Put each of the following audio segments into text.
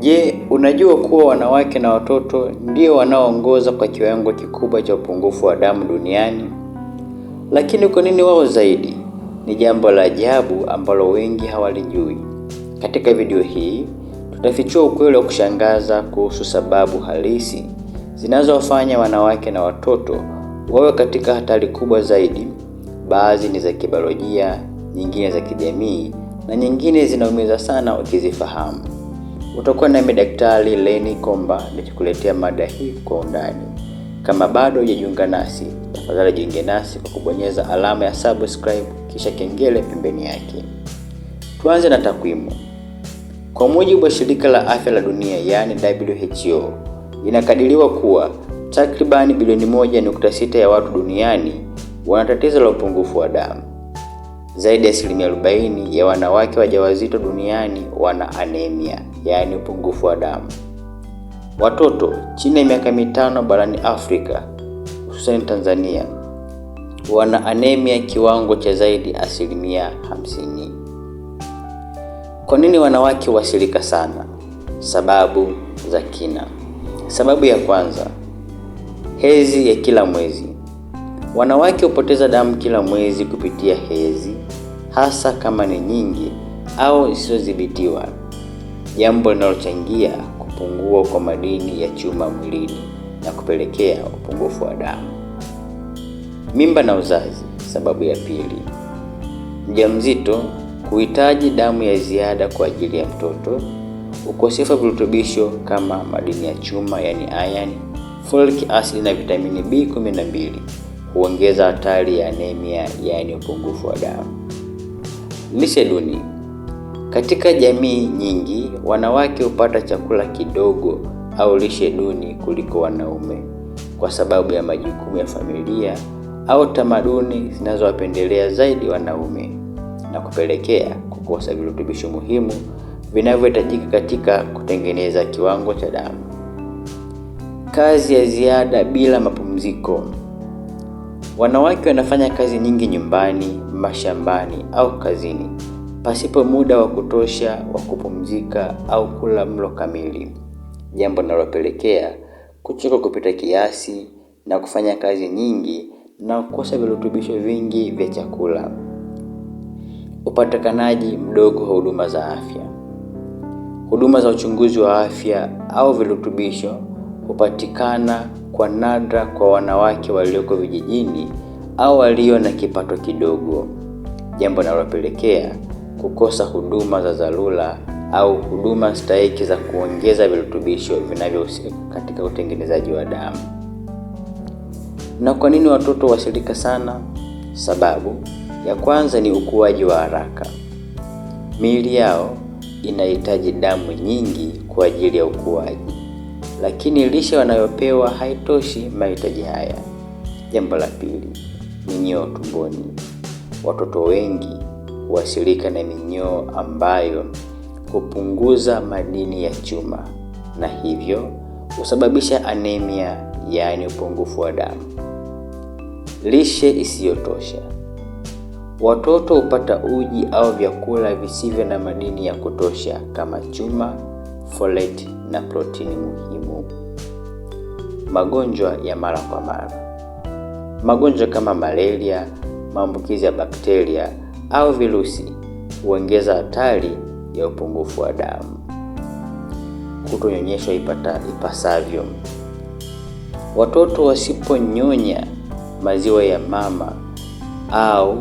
Je, unajua kuwa wanawake na watoto ndio wanaoongoza kwa kiwango kikubwa cha upungufu wa damu duniani? Lakini kwa nini wao zaidi? Ni jambo la ajabu ambalo wengi hawalijui. Katika video hii tutafichua ukweli wa kushangaza kuhusu sababu halisi zinazowafanya wanawake na watoto wawe katika hatari kubwa zaidi. Baadhi ni za kibiolojia, nyingine za kijamii na nyingine zinaumiza sana ukizifahamu. Utakuwa nami Daktari Leni Komba nikikuletea mada hii kwa undani. Kama bado hujajiunga nasi, tafadhali jiunge nasi kwa kubonyeza alama ya subscribe kisha kengele pembeni yake. Tuanze na takwimu. Kwa mujibu wa shirika la afya la dunia yaani WHO, inakadiriwa kuwa takribani bilioni 1.6 ya watu duniani wana tatizo la upungufu wa damu. Zaidi ya asilimia 40 ya wanawake wajawazito duniani wana anemia, yaani upungufu wa damu. Watoto chini ya miaka mitano barani Afrika hususani Tanzania wana anemia kiwango cha zaidi asilimia 50. Kwa nini wanawake huathirika sana? Sababu za kina. Sababu ya kwanza, hezi ya kila mwezi. Wanawake hupoteza damu kila mwezi kupitia hezi hasa kama ni nyingi au zisizodhibitiwa, jambo linalochangia kupungua kwa madini ya chuma mwilini na kupelekea upungufu wa damu. Mimba na uzazi, sababu ya pili. Mjamzito kuhitaji damu ya ziada kwa ajili ya mtoto. Ukosefu wa virutubisho kama madini ya chuma, yani iron, folic acid na vitamini B12 huongeza hatari ya anemia, yani upungufu wa damu. Lishe duni. Katika jamii nyingi, wanawake hupata chakula kidogo au lishe duni kuliko wanaume kwa sababu ya majukumu ya familia au tamaduni zinazowapendelea zaidi wanaume na kupelekea kukosa virutubisho muhimu vinavyohitajika katika kutengeneza kiwango cha damu. Kazi ya ziada bila mapumziko. Wanawake wanafanya kazi nyingi nyumbani, mashambani au kazini pasipo muda wa kutosha wa kupumzika au kula mlo kamili, jambo linalopelekea kuchoka kupita kiasi na kufanya kazi nyingi na kukosa virutubisho vingi vya chakula. Upatikanaji mdogo wa huduma za afya. Huduma za uchunguzi wa afya au virutubisho hupatikana kwa nadra kwa wanawake walioko vijijini au walio na kipato kidogo, jambo linalopelekea kukosa huduma za dharura au huduma stahiki za kuongeza virutubisho vinavyohusika katika utengenezaji wa damu. Na kwa nini watoto washirika sana? Sababu ya kwanza ni ukuaji wa haraka. Miili yao inahitaji damu nyingi kwa ajili ya ukuaji lakini lishe wanayopewa haitoshi mahitaji haya. Jambo la pili, minyoo tumboni. Watoto wengi huathirika na minyoo ambayo hupunguza madini ya chuma na hivyo husababisha anemia, yaani upungufu wa damu. Lishe isiyotosha. Watoto hupata uji au vyakula visivyo na madini ya kutosha kama chuma, foleti na protini muhimu. Magonjwa ya mara kwa mara. Magonjwa kama malaria, maambukizi ya bakteria au virusi huongeza hatari ya upungufu wa damu. Kutonyonyeshwa ipata ipasavyo. Watoto wasiponyonya maziwa ya mama au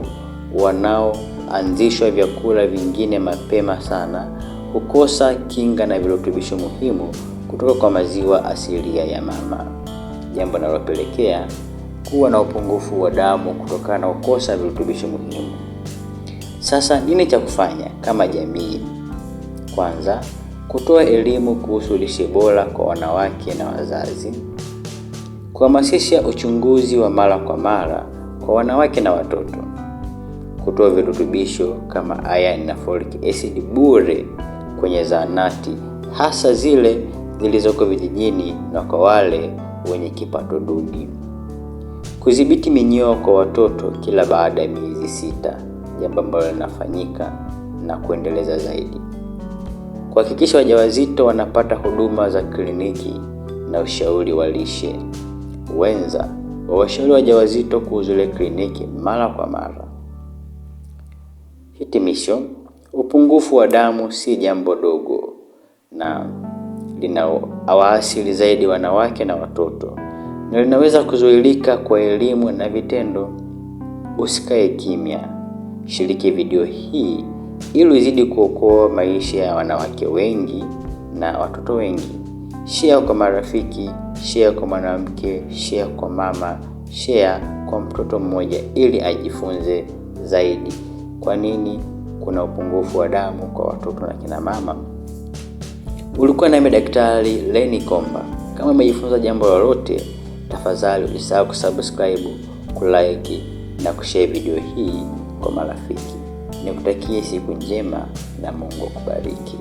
wanaoanzishwa vyakula vingine mapema sana hukosa kinga na virutubisho muhimu kutoka kwa maziwa asilia ya mama, jambo linalopelekea kuwa na upungufu wa damu kutokana na kukosa virutubisho muhimu. Sasa nini cha kufanya kama jamii? Kwanza, kutoa elimu kuhusu lishe bora kwa wanawake na wazazi, kuhamasisha uchunguzi wa mara kwa mara kwa wanawake na watoto, kutoa virutubisho kama iron na folic acid bure kwenye zahanati, hasa zile zilizoko vijijini na kwa wale wenye kipato duni. Kudhibiti minyoo kwa watoto kila baada ya miezi sita, jambo ambalo linafanyika na kuendeleza zaidi. Kuhakikisha wajawazito wanapata huduma za kliniki na ushauri wa lishe. Wenza wawashauri wajawazito kuhudhuria kliniki mara kwa mara. Hitimisho. Upungufu wa damu si jambo dogo na awaasili zaidi wanawake na watoto, na linaweza kuzuilika kwa elimu na vitendo. Usikae kimya, shiriki video hii ili uzidi kuokoa maisha ya wanawake wengi na watoto wengi. Share kwa marafiki, share kwa mwanamke, share kwa mama, share kwa mtoto mmoja, ili ajifunze zaidi. Kwa nini? kuna upungufu wa damu kwa watoto na kina mama. Ulikuwa nami Daktari Lenny Komba. Kama umejifunza jambo lolote, tafadhali usisahau kusubscribe, kulike na kushare video hii kwa marafiki. Nikutakie siku njema na Mungu akubariki.